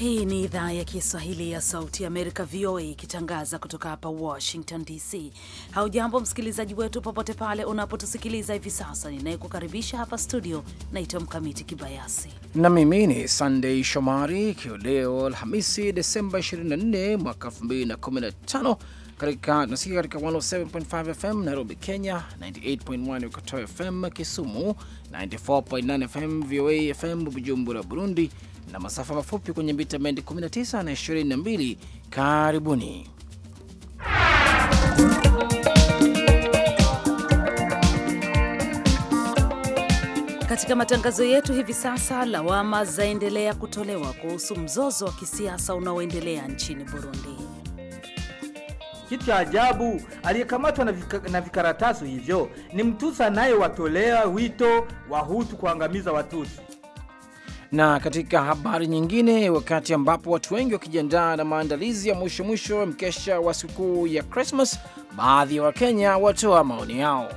Hii ni idhaa ya Kiswahili ya Sauti ya Amerika, VOA, ikitangaza kutoka hapa Washington DC. Haujambo msikilizaji wetu, popote pale unapotusikiliza hivi sasa. Ninayekukaribisha hapa studio naitwa Mkamiti Kibayasi na mimi ni Sandei Shomari, ikiwa leo Alhamisi Desemba 24 mwaka 2015 katika katika 107.5 FM Nairobi, Kenya, 98.1 Ukatoa FM Kisumu, 94.9 FM VOA FM Bujumbura, Burundi, na masafa mafupi kwenye mita bendi 19 na 22. Karibuni. Katika matangazo yetu hivi sasa, lawama zaendelea kutolewa kuhusu mzozo wa kisiasa unaoendelea nchini Burundi. Kitu cha ajabu, aliyekamatwa na, vika, na vikaratasi hivyo ni Mtusa anayewatolea wito wa hutu kuangamiza Watusi. Na katika habari nyingine, wakati ambapo watu wengi wakijiandaa na maandalizi ya mwisho mwisho mkesha wa sikukuu ya Krismas, baadhi ya Wakenya watoa maoni yao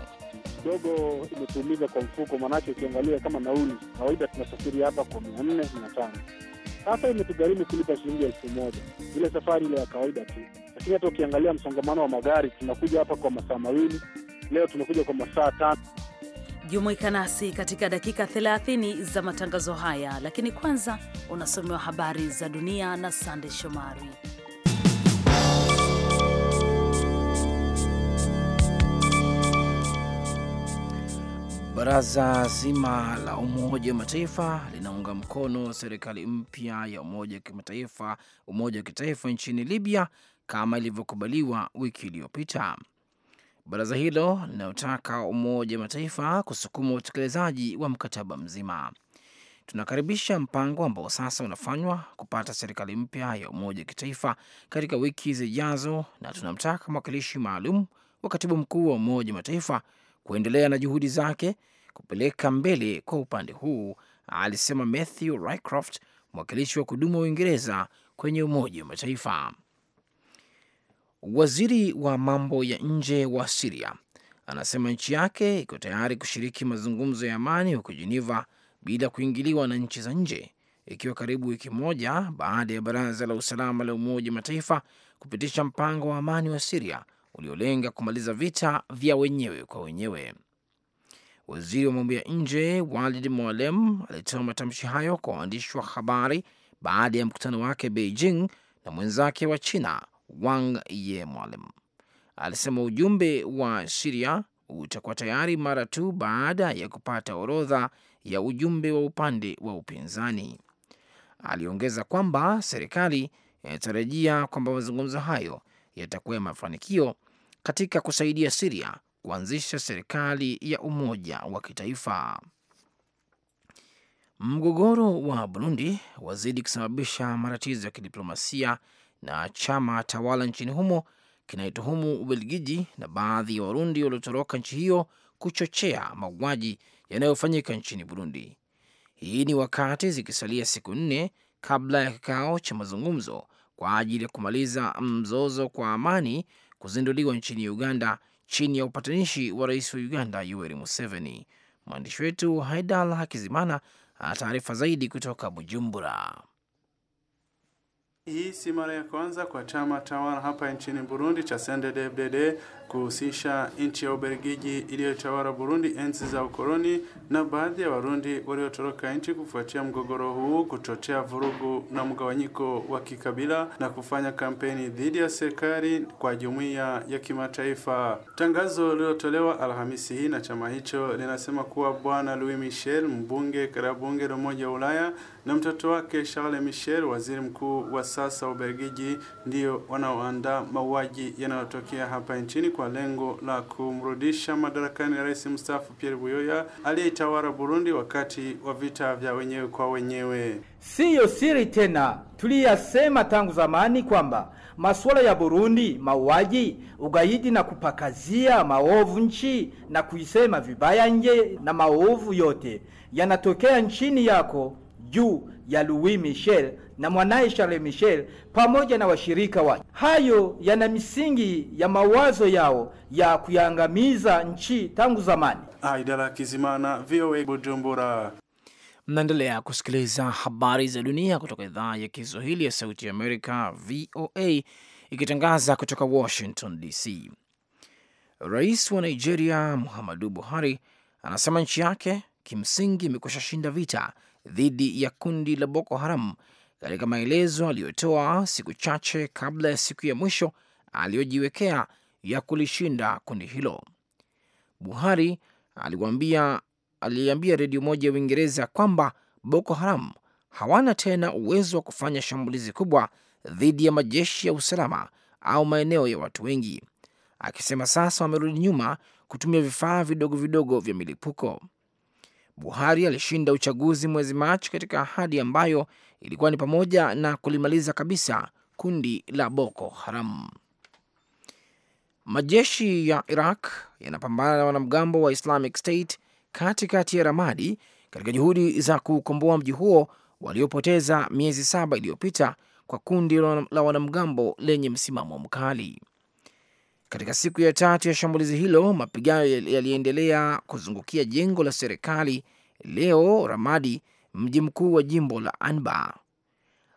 kidogo imetuumiza kwa mfuko, manake ukiangalia kama nauli kawaida tunasafiri hapa kwa mia nne mia tano sasa imetugharimu kulipa shilingi elfu moja ile safari ile ya kawaida tu. Lakini hata ukiangalia msongamano wa magari, tunakuja hapa kwa masaa mawili, leo tunakuja kwa masaa tano. Jumuika nasi katika dakika 30 za matangazo haya, lakini kwanza unasomewa habari za dunia na Sande Shomari. Baraza zima la Umoja wa Mataifa linaunga mkono serikali mpya ya umoja wa kimataifa umoja wa kitaifa nchini Libya kama ilivyokubaliwa wiki iliyopita. Baraza hilo linayotaka Umoja wa Mataifa kusukuma utekelezaji wa mkataba mzima. Tunakaribisha mpango ambao sasa unafanywa kupata serikali mpya ya umoja wa kitaifa katika wiki zijazo, na tunamtaka mwakilishi maalum wa katibu mkuu wa Umoja wa Mataifa kuendelea na juhudi zake kupeleka mbele kwa upande huu, alisema Matthew Rycroft, mwakilishi wa kudumu wa Uingereza kwenye Umoja wa Mataifa. Waziri wa mambo ya nje wa Siria anasema nchi yake iko tayari kushiriki mazungumzo ya amani huko Jeneva bila kuingiliwa na nchi za nje, ikiwa karibu wiki moja baada ya Baraza la Usalama la Umoja wa Mataifa kupitisha mpango wa amani wa Siria uliolenga kumaliza vita vya wenyewe kwa wenyewe. Waziri wa mambo ya nje Walid mwalem alitoa matamshi hayo kwa waandishi wa habari baada ya mkutano wake Beijing na mwenzake wa China Wang Ye Mwalem alisema ujumbe wa Siria utakuwa tayari mara tu baada ya kupata orodha ya ujumbe wa upande wa upinzani. Aliongeza kwamba serikali inatarajia kwamba mazungumzo hayo yatakuwa ya mafanikio katika kusaidia Siria kuanzisha serikali ya umoja wa kitaifa. Mgogoro wa Burundi wazidi kusababisha matatizo ya kidiplomasia na chama tawala nchini humo kinaituhumu Ubelgiji na baadhi ya Warundi waliotoroka nchi hiyo kuchochea mauaji yanayofanyika nchini Burundi. Hii ni wakati zikisalia siku nne kabla ya kikao cha mazungumzo kwa ajili ya kumaliza mzozo kwa amani kuzinduliwa nchini Uganda chini ya upatanishi wa rais wa Uganda Yoweri Museveni. Mwandishi wetu Haidal Hakizimana ana taarifa zaidi kutoka Bujumbura. Hii si mara ya kwanza kwa chama tawala hapa nchini Burundi cha CNDD-FDD kuhusisha nchi ya Ubelgiji iliyotawala Burundi enzi za ukoloni na baadhi ya Warundi waliotoroka nchi kufuatia mgogoro huu kuchochea vurugu na mgawanyiko wa kikabila na kufanya kampeni dhidi ya serikali kwa jumuiya ya kimataifa. Tangazo lililotolewa Alhamisi hii na chama hicho linasema kuwa Bwana Louis Michel, mbunge katika bunge la Umoja wa Ulaya, na mtoto wake Charles Michel, waziri mkuu wa sasa Ubelgiji ndio wanaoandaa mauaji yanayotokea hapa nchini kwa lengo la kumrudisha madarakani rais mstaafu Pierre Buyoya aliyetawala Burundi wakati wa vita vya wenyewe kwa wenyewe. Siyo siri tena, tuliyasema tangu zamani kwamba masuala ya Burundi, mauaji, ugaidi na kupakazia maovu nchi na kuisema vibaya nje na maovu yote yanatokea nchini yako juu ya Louis Michel na mwanaye Charles Michel pamoja na washirika wake. Hayo yana misingi ya mawazo yao ya kuyangamiza nchi tangu zamani. Aidala Kizimana, VOA Bujumbura. Mnaendelea kusikiliza habari za dunia kutoka idhaa ya Kiswahili ya Sauti ya Amerika, VOA, ikitangaza kutoka Washington DC. Rais wa Nigeria Muhammadu Buhari anasema nchi yake kimsingi imekwisha shinda vita dhidi ya kundi la Boko Haram katika maelezo aliyotoa siku chache kabla ya siku ya mwisho aliyojiwekea ya kulishinda kundi hilo. Buhari aliambia redio moja ya Uingereza kwamba Boko Haram hawana tena uwezo wa kufanya shambulizi kubwa dhidi ya majeshi ya usalama au maeneo ya watu wengi, akisema sasa wamerudi nyuma kutumia vifaa vidogo vidogo vya milipuko. Buhari alishinda uchaguzi mwezi Machi katika ahadi ambayo ilikuwa ni pamoja na kulimaliza kabisa kundi la Boko Haram. Majeshi ya Iraq yanapambana na wanamgambo wa Islamic State katikati ya Ramadi katika juhudi za kuukomboa mji huo waliopoteza miezi saba iliyopita kwa kundi la wanamgambo lenye msimamo mkali. Katika siku ya tatu ya shambulizi hilo, mapigano yaliendelea kuzungukia jengo la serikali leo Ramadi mji mkuu wa jimbo la Anbar.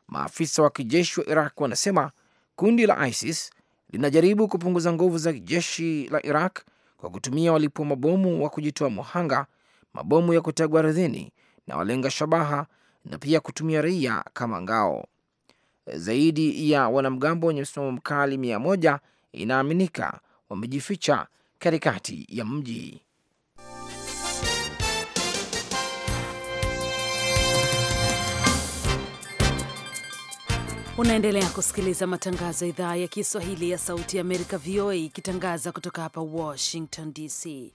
Maafisa wa kijeshi wa Iraq wanasema kundi la ISIS linajaribu kupunguza nguvu za jeshi la Iraq kwa kutumia walipua mabomu wa kujitoa muhanga, mabomu ya kutegwa ardhini na walenga shabaha, na pia kutumia raia kama ngao. Zaidi ya wanamgambo wenye msimamo mkali mia moja inaaminika wamejificha katikati ya mji. Unaendelea kusikiliza matangazo ya idhaa ya Kiswahili ya Sauti ya Amerika, VOA, ikitangaza kutoka hapa Washington DC.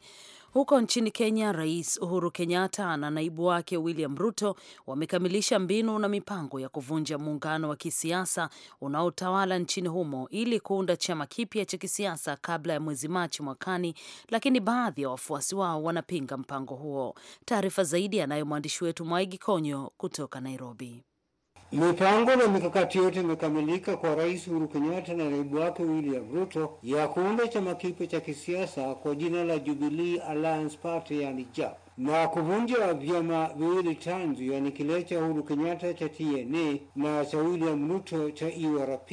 Huko nchini Kenya, Rais Uhuru Kenyatta na naibu wake William Ruto wamekamilisha mbinu na mipango ya kuvunja muungano wa kisiasa unaotawala nchini humo ili kuunda chama kipya cha kisiasa kabla ya mwezi Machi mwakani, lakini baadhi ya wafuasi wao wanapinga mpango huo. Taarifa zaidi anayo mwandishi wetu Mwaigi Konyo kutoka Nairobi. Mipango na mikakati yote imekamilika kwa Rais Uhuru Kenyatta na naibu wake William Ruto ya kuunda chama kipya cha kisiasa kwa jina la Jubilee Alliance Party, yani JAP, na kuvunja vyama viwili tanzu, yani kile cha Uhuru Kenyatta cha TNA na cha William Ruto cha e URP,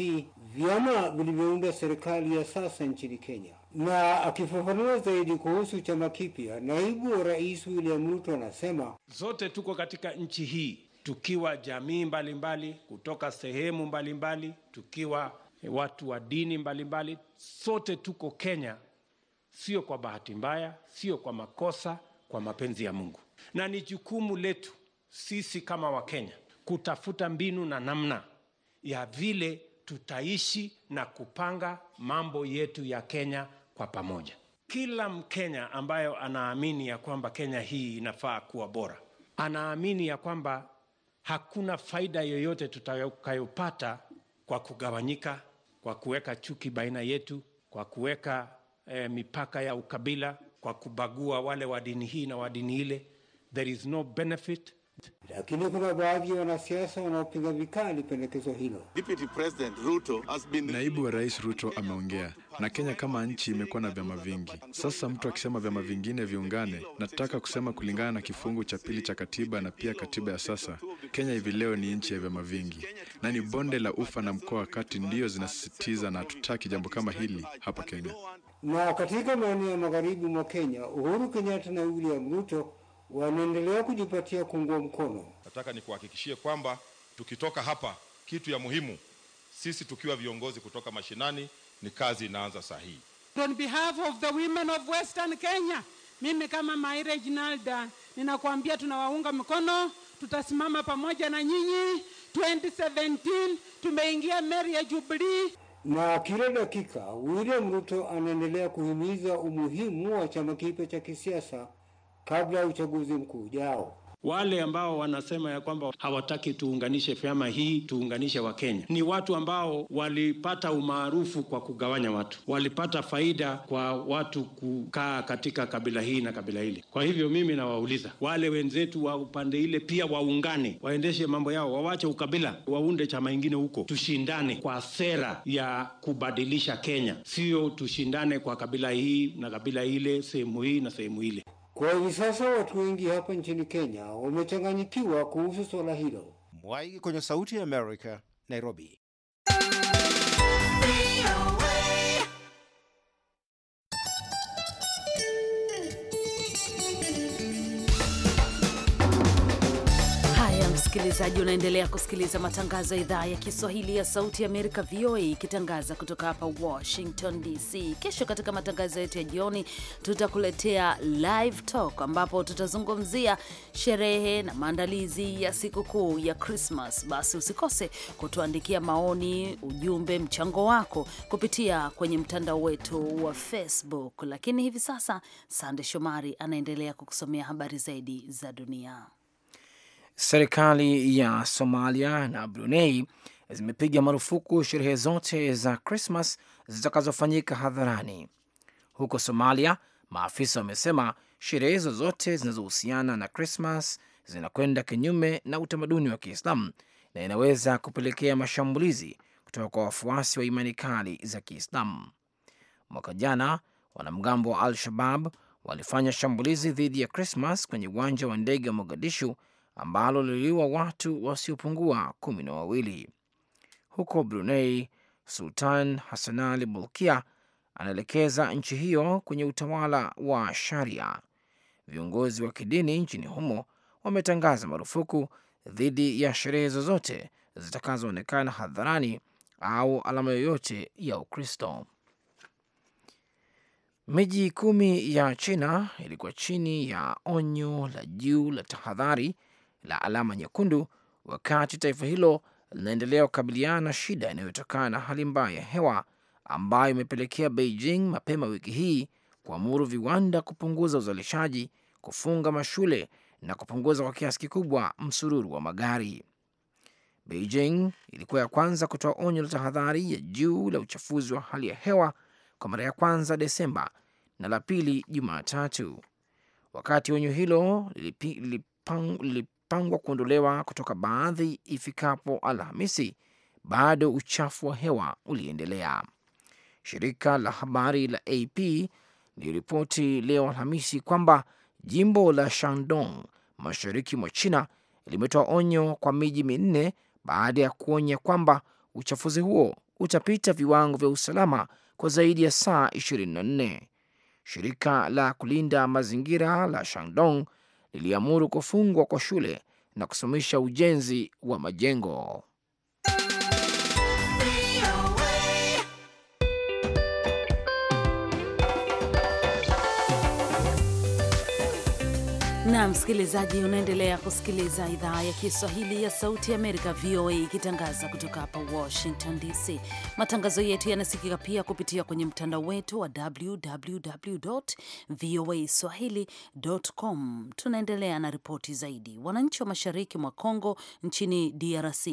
vyama vilivyounda serikali ya sasa nchini Kenya. Na akifafanua zaidi kuhusu chama kipya, naibu wa rais William Ruto anasema, zote tuko katika nchi hii tukiwa jamii mbalimbali mbali, kutoka sehemu mbalimbali mbali, tukiwa watu wa dini mbalimbali mbali. Sote tuko Kenya, sio kwa bahati mbaya, sio kwa makosa, kwa mapenzi ya Mungu, na ni jukumu letu sisi kama Wakenya kutafuta mbinu na namna ya vile tutaishi na kupanga mambo yetu ya Kenya kwa pamoja. Kila Mkenya ambayo anaamini ya kwamba Kenya hii inafaa kuwa bora, anaamini ya kwamba hakuna faida yoyote tutakayopata kwa kugawanyika, kwa kuweka chuki baina yetu, kwa kuweka eh, mipaka ya ukabila, kwa kubagua wale wa dini hii na wa dini ile. There is no benefit. Lakini kuna baadhi ya wanasiasa wanaopinga vikali pendekezo hilo. Deputy President Ruto has been... Naibu wa Rais Ruto ameongea na Kenya kama nchi imekuwa na vyama vingi. Sasa mtu akisema vyama vingine viungane, nataka kusema kulingana na kifungu cha pili cha katiba na pia katiba ya sasa, Kenya hivi leo ni nchi ya vyama vingi, na ni bonde la ufa na mkoa wa kati ndiyo zinasisitiza, na hatutaki jambo kama hili hapa Kenya. Na katika maeneo ya magharibi mwa Kenya, Uhuru Kenyatta na William Ruto wanaendelea kujipatia kuungwa mkono. Nataka nikuhakikishie kwamba tukitoka hapa, kitu ya muhimu sisi tukiwa viongozi kutoka mashinani ni kazi inaanza sahihi. On behalf of the women of Western Kenya, mimi kama Maire Reginalda ninakuambia tunawaunga mkono, tutasimama pamoja na nyinyi. 2017 tumeingia meri ya Jubilee na kila dakika William Ruto anaendelea kuhimiza umuhimu wa chama kipya cha kisiasa kabla ya uchaguzi mkuu ujao. Wale ambao wanasema ya kwamba hawataki tuunganishe vyama hii, tuunganishe Wakenya, ni watu ambao walipata umaarufu kwa kugawanya watu, walipata faida kwa watu kukaa katika kabila hii na kabila hili. Kwa hivyo mimi nawauliza wale wenzetu wa upande ile pia waungane, waendeshe mambo yao, wawache ukabila, waunde chama ingine huko, tushindane kwa sera ya kubadilisha Kenya, sio tushindane kwa kabila hii na kabila ile, sehemu hii na sehemu ile. Kwa hivi sasa watu wengi hapa nchini Kenya wamechanganyikiwa kuhusu swala hilo. Mwai kwenye Sauti ya Amerika, Nairobi. Msikilizaji, unaendelea kusikiliza matangazo ya idhaa ya Kiswahili ya Sauti ya Amerika, VOA, ikitangaza kutoka hapa Washington DC. Kesho katika matangazo yetu ya jioni, tutakuletea Live Talk ambapo tutazungumzia sherehe na maandalizi ya sikukuu ya Krismas. Basi usikose kutuandikia maoni, ujumbe, mchango wako kupitia kwenye mtandao wetu wa Facebook. Lakini hivi sasa, Sande Shomari anaendelea kukusomea habari zaidi za dunia. Serikali ya Somalia na Brunei zimepiga marufuku sherehe zote za Krismas zitakazofanyika hadharani. Huko Somalia, maafisa wamesema sherehe zozote zinazohusiana na Krismas zinakwenda kinyume na utamaduni wa Kiislamu na inaweza kupelekea mashambulizi kutoka kwa wafuasi wa imani kali za Kiislamu. Mwaka jana wanamgambo wa Al-Shabab walifanya shambulizi dhidi ya Krismas kwenye uwanja wa ndege wa Mogadishu ambalo liliua watu wasiopungua kumi na wawili. Huko Brunei, Sultan Hassan Ali anaelekeza nchi hiyo kwenye utawala wa sharia. Viongozi wa kidini nchini humo wametangaza marufuku dhidi ya sherehe zozote zitakazoonekana hadharani au alama yoyote ya Ukristo. Miji kumi ya China ilikuwa chini ya onyo la juu la tahadhari la alama nyekundu, wakati taifa hilo linaendelea kukabiliana na shida inayotokana na hali mbaya ya hewa ambayo imepelekea Beijing mapema wiki hii kuamuru viwanda kupunguza uzalishaji, kufunga mashule na kupunguza kwa kiasi kikubwa msururu wa magari. Beijing ilikuwa ya kwanza kutoa onyo la tahadhari ya juu la uchafuzi wa hali ya hewa kwa mara ya kwanza Desemba na la pili Jumatatu, wakati onyo hilo lilipang, lilipang, yamepangwa kuondolewa kutoka baadhi ifikapo Alhamisi, bado uchafu wa hewa uliendelea. Shirika la habari la AP liliripoti leo Alhamisi kwamba jimbo la Shandong mashariki mwa China limetoa onyo kwa miji minne baada ya kuonya kwamba uchafuzi huo utapita viwango vya usalama kwa zaidi ya saa 24. Shirika la kulinda mazingira la Shandong liliamuru kufungwa kwa shule na kusimamisha ujenzi wa majengo. na msikilizaji, unaendelea kusikiliza idhaa ya Kiswahili ya Sauti ya Amerika, VOA, ikitangaza kutoka hapa Washington DC. Matangazo yetu yanasikika pia kupitia kwenye mtandao wetu wa www voa swahili.com. Tunaendelea na ripoti zaidi. Wananchi wa mashariki mwa congo nchini DRC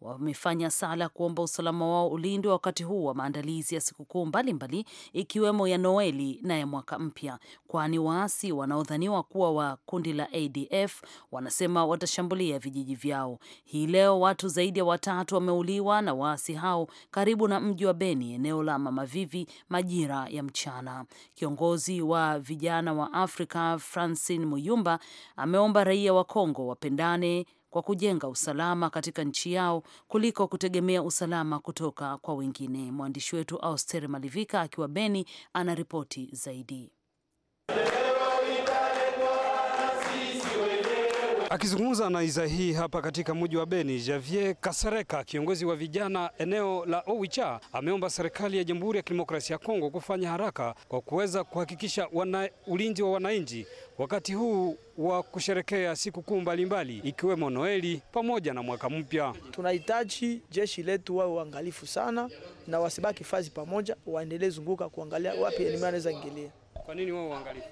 wamefanya sala kuomba usalama wao ulindwe wakati huu wa maandalizi ya sikukuu mbalimbali, ikiwemo ya Noeli na ya mwaka mpya, kwani waasi wanaodhaniwa kuwa wa kundi la ADF wanasema watashambulia vijiji vyao. Hii leo watu zaidi ya watatu wameuliwa na waasi hao karibu na mji wa Beni, eneo la Mamavivi majira ya mchana. Kiongozi wa vijana wa Afrika Francine Muyumba ameomba raia wa Kongo wapendane kwa kujenga usalama katika nchi yao kuliko kutegemea usalama kutoka kwa wengine. Mwandishi wetu Auster Malivika akiwa Beni anaripoti zaidi. Akizungumza na iza hii hapa katika mji wa Beni, Javier Kasereka, kiongozi wa vijana eneo la Owicha, ameomba serikali ya Jamhuri ya Kidemokrasia ya Kongo kufanya haraka kwa kuweza kuhakikisha wana, ulinzi wa wananchi wakati huu wa kusherekea siku kuu mbalimbali ikiwemo Noeli pamoja na mwaka mpya. Tunahitaji jeshi letu wawe uangalifu sana na wasibaki fazi pamoja, waendelee zunguka kuangalia wapi enemy anaweza ingilia. Kwa nini wao uangalifu?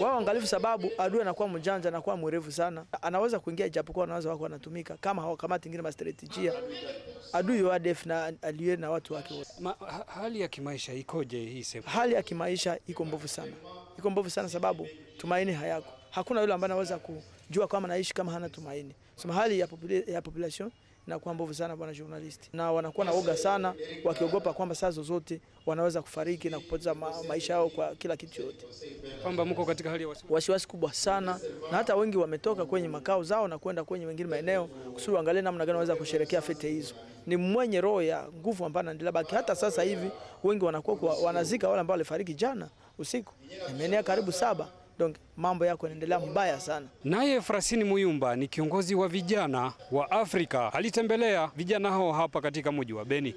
wao angalifu, sababu adui anakuwa mjanja, anakuwa mrefu sana, anaweza kuingia japokuwa anaweza wako wanatumika kama hawakamati ingine strategia adui wa ADF na aliye na watu wake wote. Ha, hali ya kimaisha ikoje hii sasa? Hali ya kimaisha iko mbovu sana, iko mbovu sana sababu tumaini hayako, hakuna yule ambaye anaweza kujua kama naishi kama hana tumaini. Sema hali ya, popula ya population inakuwa mbovu sana bwana journalist, na wanakuwa na oga sana, wakiogopa kwamba saa zozote wanaweza kufariki na kupoteza ma maisha yao kwa kila kitu yote, kwamba mko katika hali ya wasiwasi kubwa sana, na hata wengi wametoka kwenye makao zao na kwenda kwenye wengine maeneo kusudi angalie namna gani waweza kusherekea fete hizo. Ni mwenye roho ya nguvu ambayo anaendelea baki hata sasa hivi, wengi wanakuwa wanazika wale ambao walifariki jana usiku, imeenea karibu saba donc mambo yako yanaendelea mbaya sana. Naye Frasini Muyumba ni kiongozi wa vijana wa Afrika, alitembelea vijana hao hapa katika mji wa Beni.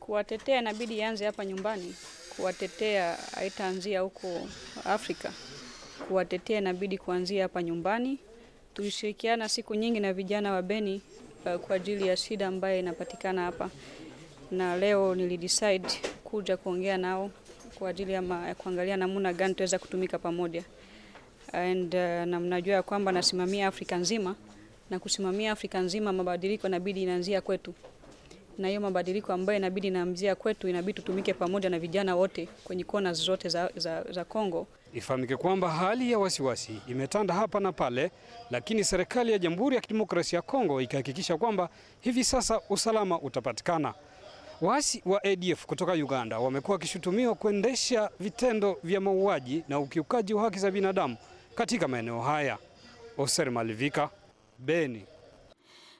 Kuwatetea inabidi ianze hapa nyumbani, kuwatetea haitaanzia huko Afrika, kuwatetea inabidi kuanzia hapa nyumbani. Tulishirikiana siku nyingi na vijana wa Beni eh, kwa ajili ya shida ambayo inapatikana hapa, na leo nilidecide kuja kuongea nao kwa ajili ya kuangalia namna gani tuweza kutumika pamoja and uh, na mnajua ya kwamba nasimamia Afrika nzima na kusimamia Afrika nzima, mabadiliko inabidi inaanzia kwetu, na hiyo mabadiliko ambayo inabidi inaanzia kwetu, inabidi tutumike pamoja na vijana wote kwenye kona zote za, za, za Kongo. Ifahamike kwamba hali ya wasiwasi wasi imetanda hapa na pale, lakini serikali ya Jamhuri ya Kidemokrasia ya Kongo ikahakikisha kwamba hivi sasa usalama utapatikana. Waasi wa ADF kutoka Uganda wamekuwa wakishutumiwa kuendesha vitendo vya mauaji na ukiukaji wa haki za binadamu katika maeneo haya. Oser Malivika, Beni.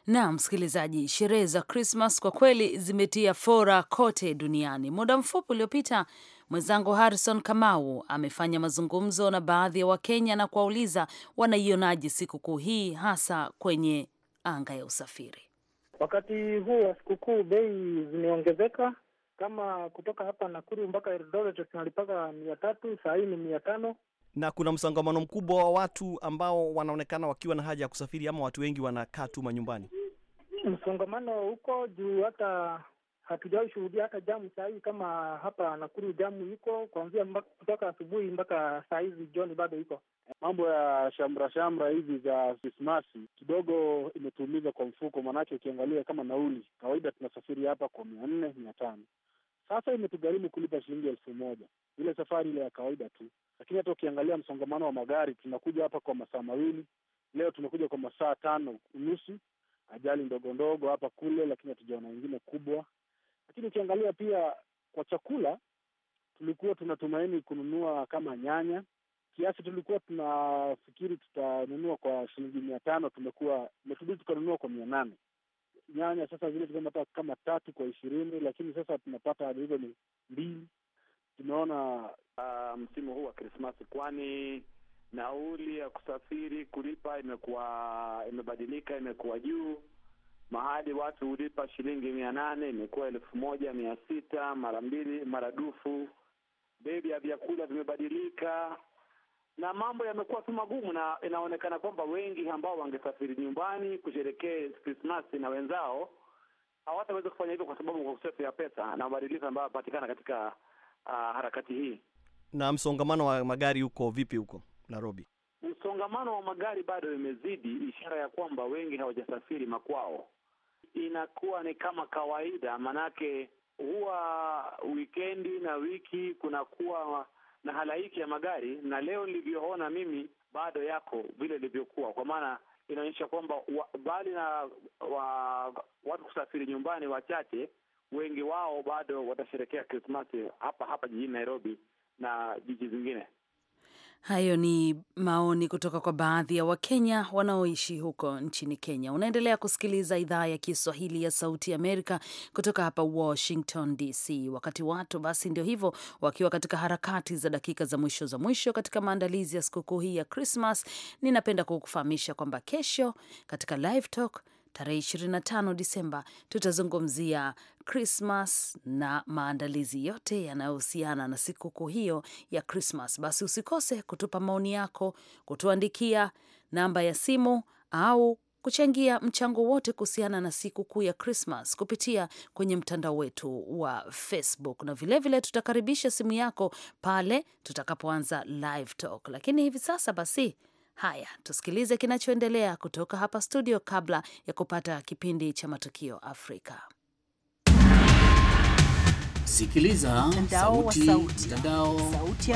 Na msikilizaji, sherehe za Krismas kwa kweli zimetia fora kote duniani. Muda mfupi uliopita mwenzangu Harrison Kamau amefanya mazungumzo na baadhi ya Wakenya na kuwauliza wanaionaje sikukuu hii hasa kwenye anga ya usafiri. Wakati huu wa sikukuu bei zimeongezeka, kama kutoka hapa Nakuru mpaka Eldoret tunalipaka mia tatu, saa hii ni mia tano na kuna msongamano mkubwa wa watu ambao wanaonekana wakiwa na haja ya kusafiri, ama watu wengi wanakaa tu manyumbani. Msongamano huko juu, hata hatujawahi shuhudia hata jamu saa kama hapa Nakuru. Jamu iko kuanzia kutoka asubuhi mpaka saa hizi jioni, bado iko mambo ya shamra shamra hizi za Krismasi kidogo imetuumiza kwa mfuko, maanake ukiangalia kama nauli kawaida tunasafiri hapa kwa mia nne mia tano sasa imetugharimu kulipa shilingi elfu moja ile safari ile ya kawaida tu. Lakini hata ukiangalia msongamano wa magari, tunakuja hapa kwa masaa mawili, leo tumekuja kwa masaa tano nusu, ajali ndogo ndogo hapa kule, lakini hatujaona wengine kubwa. Lakini ukiangalia pia kwa chakula, tulikuwa tunatumaini kununua kama nyanya kiasi tulikuwa tunafikiri tutanunua kwa shilingi mia tano tumekuwa imetubidi tukanunua kwa mia nane nyanya. Sasa zile tunapata kama tatu kwa ishirini, lakini sasa tunapata hizo ni mbili tumeona uh, msimu huu wa Krismasi, kwani nauli ya kusafiri kulipa imekuwa imebadilika, imekuwa juu. Mahali watu hulipa shilingi mia nane imekuwa elfu moja mia sita mara mbili mara dufu Bei ya vyakula vimebadilika na mambo yamekuwa tu magumu, na inaonekana kwamba wengi ambao wangesafiri nyumbani kusherekea Krismasi na wenzao hawataweza kufanya hivyo kwa sababu kwa ukosefu ya pesa na mabadiliko ambayo yanapatikana katika uh, harakati hii. Na msongamano wa magari huko vipi huko Nairobi? Msongamano wa magari bado imezidi, ishara ya kwamba wengi hawajasafiri makwao. Inakuwa ni kama kawaida, manake huwa wikendi na wiki kunakuwa na halaiki ya magari, na leo nilivyoona mimi bado yako vile ilivyokuwa, kwa maana inaonyesha kwamba mbali bali na wa, watu kusafiri nyumbani wachache, wengi wao bado watasherekea Krismasi hapa hapa jijini Nairobi na jiji zingine. Hayo ni maoni kutoka kwa baadhi ya Wakenya wanaoishi huko nchini Kenya. Unaendelea kusikiliza idhaa ya Kiswahili ya Sauti Amerika kutoka hapa Washington DC. Wakati watu basi ndio hivyo wakiwa katika harakati za dakika za mwisho za mwisho katika maandalizi ya sikukuu hii ya Krismas, ninapenda kukufahamisha kwamba kesho katika Live Talk Tarehe 25 Disemba tutazungumzia Krismas na maandalizi yote yanayohusiana na sikukuu hiyo ya Krismas. Basi usikose kutupa maoni yako, kutuandikia namba ya simu au kuchangia mchango wote kuhusiana na sikukuu ya Krismas kupitia kwenye mtandao wetu wa Facebook, na vilevile vile tutakaribisha simu yako pale tutakapoanza live talk. Lakini hivi sasa basi Haya, tusikilize kinachoendelea kutoka hapa studio, kabla ya kupata kipindi cha Matukio Afrika. Sikiliza sauti,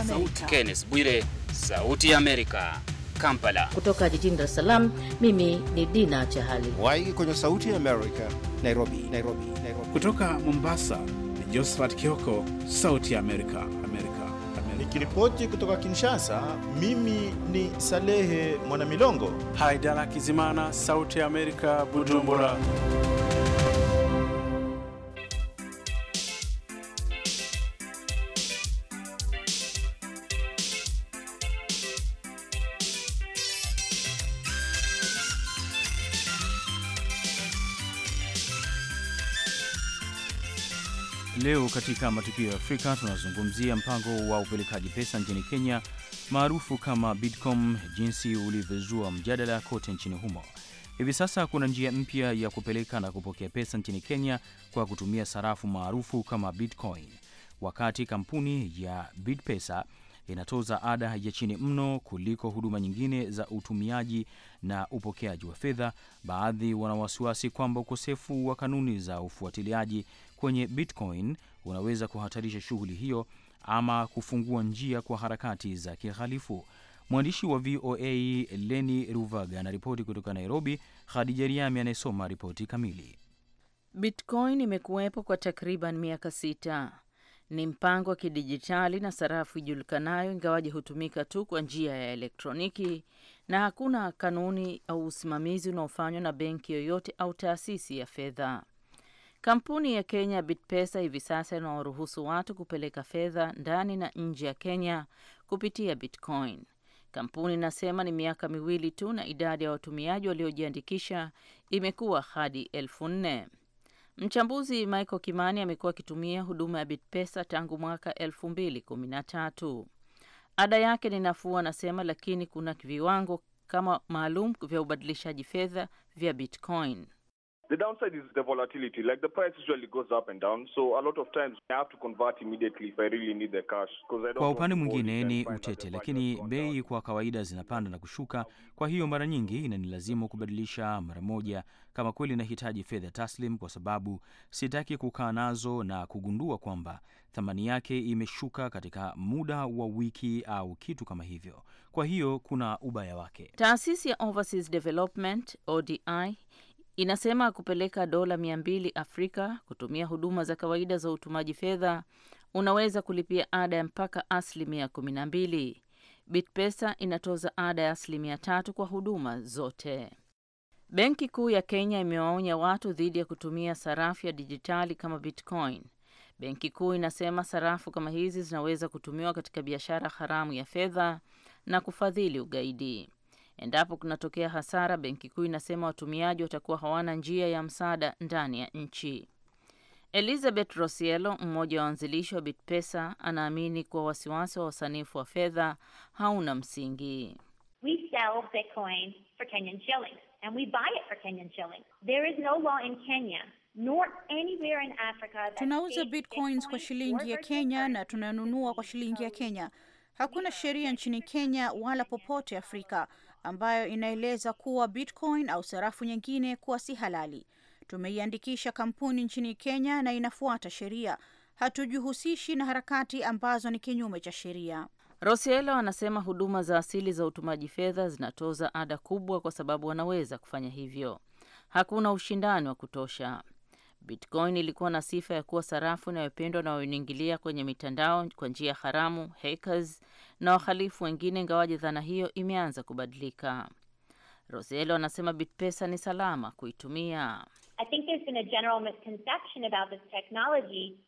sauti Kenneth Bwire, sauti ya Amerika, Kampala. Kutoka jijini Dar es Salaam, mimi ni Dina Chahali Waigi kwenye sauti ya Amerika, Nairobi, Nairobi, Nairobi. Kutoka Mombasa ni Josephat Kioko, sauti ya Amerika. Nikiripoti kutoka Kinshasa, mimi ni Salehe Mwanamilongo. Haidara Kizimana, Sauti ya Amerika, Bujumbura. Leo katika matukio ya Afrika tunazungumzia mpango wa upelekaji pesa nchini Kenya maarufu kama Bitcom, jinsi ulivyozua mjadala kote nchini humo. Hivi sasa kuna njia mpya ya kupeleka na kupokea pesa nchini Kenya kwa kutumia sarafu maarufu kama Bitcoin. Wakati kampuni ya Bitpesa inatoza ada ya chini mno kuliko huduma nyingine za utumiaji na upokeaji wa fedha, baadhi wana wasiwasi kwamba ukosefu wa kanuni za ufuatiliaji kwenye Bitcoin unaweza kuhatarisha shughuli hiyo ama kufungua njia kwa harakati za kihalifu. Mwandishi wa VOA Leni Ruvaga anaripoti kutoka Nairobi. Khadija Riami anayesoma ripoti kamili. Bitcoin imekuwepo kwa takriban miaka sita. Ni mpango wa kidijitali na sarafu ijulikanayo, ingawaji hutumika tu kwa njia ya elektroniki na hakuna kanuni au usimamizi unaofanywa na benki yoyote au taasisi ya fedha. Kampuni ya Kenya BitPesa hivi sasa inawaruhusu watu kupeleka fedha ndani na nje ya Kenya kupitia Bitcoin. Kampuni inasema ni miaka miwili tu na idadi ya watumiaji waliojiandikisha imekuwa hadi elfu nne. Mchambuzi Michael Kimani amekuwa akitumia huduma ya BitPesa tangu mwaka tatu. Ada yake ni nafuu, anasema, lakini kuna viwango kama maalum vya ubadilishaji fedha vya Bitcoin. The downside is the volatility. Like the price usually goes up and down, so a lot of times I have to convert immediately if I really need the cash. Kwa upande mwingine ni utete, lakini bei kwa kawaida zinapanda na kushuka, kwa hiyo mara nyingi inanilazimu kubadilisha mara moja kama kweli nahitaji fedha taslim, kwa sababu sitaki kukaa nazo na kugundua kwamba thamani yake imeshuka katika muda wa wiki au kitu kama hivyo. Kwa hiyo kuna ubaya wake. Taasisi ya Overseas Development ODI inasema kupeleka dola mia mbili Afrika kutumia huduma za kawaida za utumaji fedha unaweza kulipia ada ya mpaka asilimia kumi na mbili. BitPesa inatoza ada ya asilimia tatu kwa huduma zote. Benki Kuu ya Kenya imewaonya watu dhidi ya kutumia sarafu ya dijitali kama Bitcoin. Benki Kuu inasema sarafu kama hizi zinaweza kutumiwa katika biashara haramu ya fedha na kufadhili ugaidi. Endapo kunatokea hasara, benki kuu inasema watumiaji watakuwa hawana njia ya msaada ndani ya nchi. Elizabeth Rosiello, mmoja wa wanzilishi wa BitPesa, anaamini kuwa wasiwasi wa wasanifu wa fedha hauna msingi. We sell Bitcoin for Kenyan shillings and we buy it for Kenyan shillings. There is no law in Kenya nor anywhere in Africa. Tunauza bitcoins kwa shilingi ya Kenya na tunanunua kwa shilingi ya Kenya. Hakuna sheria nchini Kenya wala popote Afrika ambayo inaeleza kuwa Bitcoin au sarafu nyingine kuwa si halali. Tumeiandikisha kampuni nchini Kenya na inafuata sheria. Hatujihusishi na harakati ambazo ni kinyume cha sheria. Rosielo anasema huduma za asili za utumaji fedha zinatoza ada kubwa kwa sababu wanaweza kufanya hivyo. Hakuna ushindani wa kutosha. Bitcoin ilikuwa na sifa ya kuwa sarafu inayopendwa na wanaoingilia kwenye mitandao kwa njia haramu, hackers na wahalifu wengine, ingawaje dhana hiyo imeanza kubadilika. Roselo anasema BitPesa ni salama kuitumia. I think there's been a general misconception about this technology.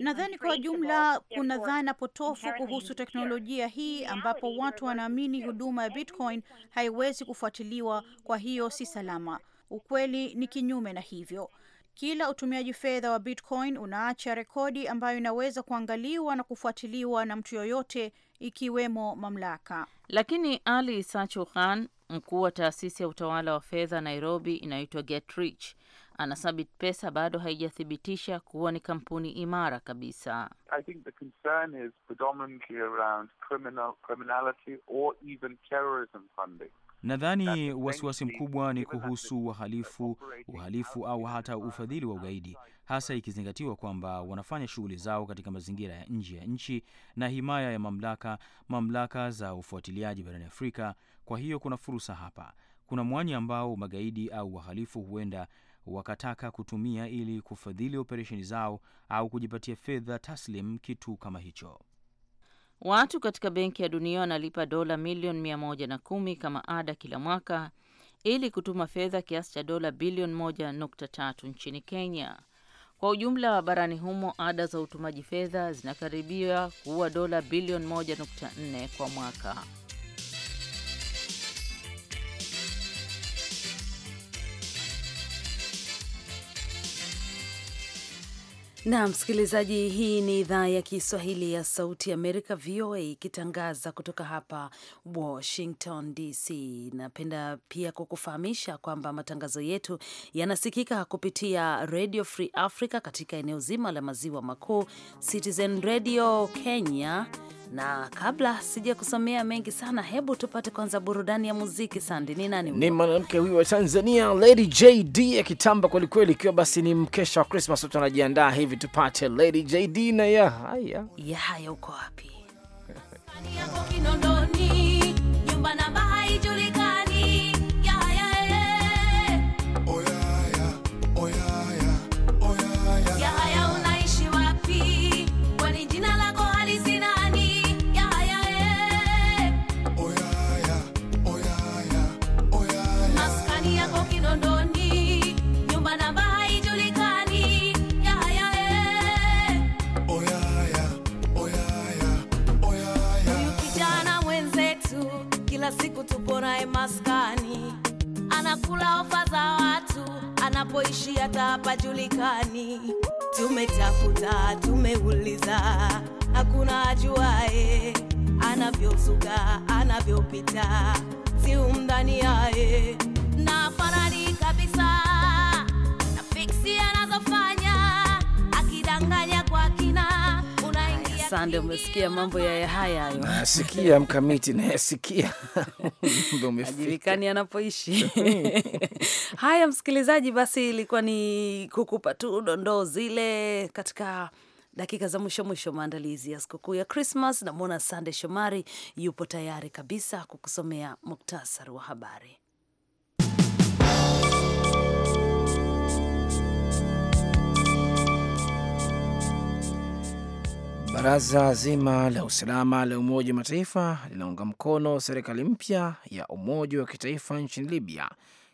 Nadhani kwa jumla kuna dhana potofu kuhusu teknolojia hii ambapo watu wanaamini huduma ya Bitcoin haiwezi kufuatiliwa, kwa hiyo si salama. Ukweli ni kinyume na hivyo. Kila utumiaji fedha wa Bitcoin unaacha rekodi ambayo inaweza kuangaliwa na kufuatiliwa na mtu yoyote, ikiwemo mamlaka. Lakini Ali Sacho Khan, mkuu wa taasisi ya utawala wa fedha Nairobi inayoitwa GetRich, anasabit pesa bado haijathibitisha kuwa ni kampuni imara kabisa. I think the concern is predominantly around criminal, criminality or even terrorism funding. Nadhani wasiwasi mkubwa ni kuhusu wahalifu, uhalifu au hata ufadhili wa ugaidi, hasa ikizingatiwa kwamba wanafanya shughuli zao katika mazingira ya nje ya nchi na himaya ya mamlaka mamlaka za ufuatiliaji barani Afrika. Kwa hiyo kuna fursa hapa, kuna mwanya ambao magaidi au wahalifu huenda wakataka kutumia ili kufadhili operesheni zao au kujipatia fedha taslim, kitu kama hicho. Watu katika Benki ya Dunia wanalipa dola milioni 11 kama ada kila mwaka ili kutuma fedha kiasi cha dola bilioni 1.3 nchini Kenya. Kwa ujumla, barani humo ada za utumaji fedha zinakaribia kuwa dola bilioni 1.4 kwa mwaka. Na msikilizaji, hii ni idhaa ya Kiswahili ya Sauti Amerika, VOA, ikitangaza kutoka hapa Washington DC. Napenda pia kukufahamisha kwamba matangazo yetu yanasikika kupitia Radio Free Africa katika eneo zima la maziwa makuu, Citizen Radio Kenya na kabla sija kusomea mengi sana, hebu tupate kwanza burudani ya muziki. Sandi ni nani? Ni mwanamke huyu wa Tanzania, Lady JD akitamba kwelikweli, ikiwa basi ni mkesha wa Krismas, watu wanajiandaa hivi. Tupate Lady JD na ya haya ya haya. Uko wapi? hapajulikani. Tumetafuta, tumeuliza, hakuna ajuae anavyozuga, anavyopita, si umdhani yaye na farari kabisa na fiksi anazofanya Sande, umesikia mambo ya Yahaya hayo? Nasikia ah, mkamiti, nayasikia ajulikani anapoishi. Haya msikilizaji, basi ilikuwa ni kukupa tu dondoo zile katika dakika za mwisho mwisho maandalizi ya sikukuu ya Krismas. Namwona Sande Shomari yupo tayari kabisa kukusomea muktasari wa habari. Baraza zima la usalama la Umoja wa Mataifa linaunga mkono serikali mpya ya umoja wa kitaifa nchini Libya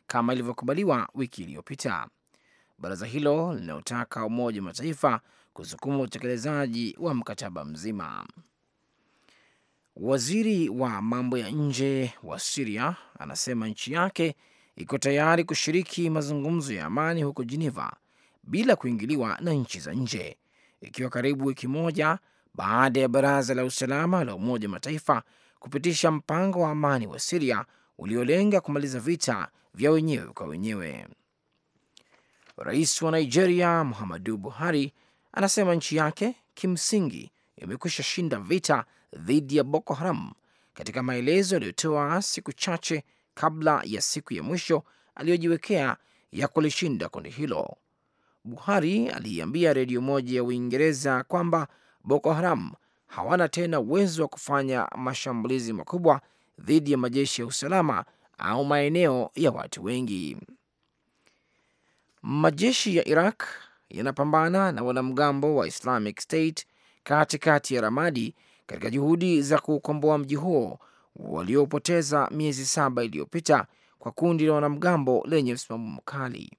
kama ilivyokubaliwa wiki iliyopita. Baraza hilo linayotaka Umoja wa Mataifa kusukuma utekelezaji wa mkataba mzima. Waziri wa mambo ya nje wa Siria anasema nchi yake iko tayari kushiriki mazungumzo ya amani huko Geneva bila kuingiliwa na nchi za nje, ikiwa karibu wiki moja baada ya baraza la usalama la Umoja wa Mataifa kupitisha mpango wa amani wa Siria uliolenga kumaliza vita vya wenyewe kwa wenyewe. Rais wa Nigeria Muhammadu Buhari anasema nchi yake kimsingi imekwisha shinda vita dhidi ya Boko Haram, katika maelezo aliyotoa siku chache kabla ya siku ya mwisho aliyojiwekea ya kulishinda kundi hilo. Buhari aliiambia redio moja ya Uingereza kwamba Boko Haram hawana tena uwezo wa kufanya mashambulizi makubwa dhidi ya majeshi ya usalama au maeneo ya watu wengi. Majeshi ya Iraq yanapambana na wanamgambo wa Islamic State katikati ya Ramadi katika juhudi za kuukomboa mji huo waliopoteza miezi saba iliyopita kwa kundi la wanamgambo lenye msimamo mkali.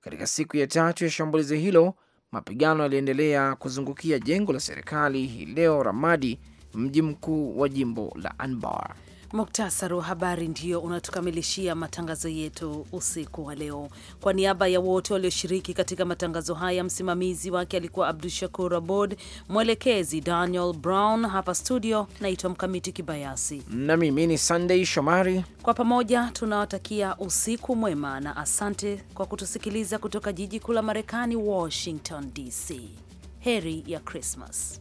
Katika siku ya tatu ya shambulizi hilo Mapigano yaliendelea kuzungukia jengo la serikali hii leo Ramadi, mji mkuu wa jimbo la Anbar. Muktasari wa habari ndio unatukamilishia matangazo yetu usiku wa leo. Kwa niaba ya wote walioshiriki katika matangazo haya, msimamizi wake alikuwa Abdu Shakur Abod, mwelekezi Daniel Brown. Hapa studio naitwa Mkamiti Kibayasi na mimi ni sandey Shomari. Kwa pamoja tunawatakia usiku mwema na asante kwa kutusikiliza kutoka jiji kuu la Marekani, Washington DC. Heri ya Krismas.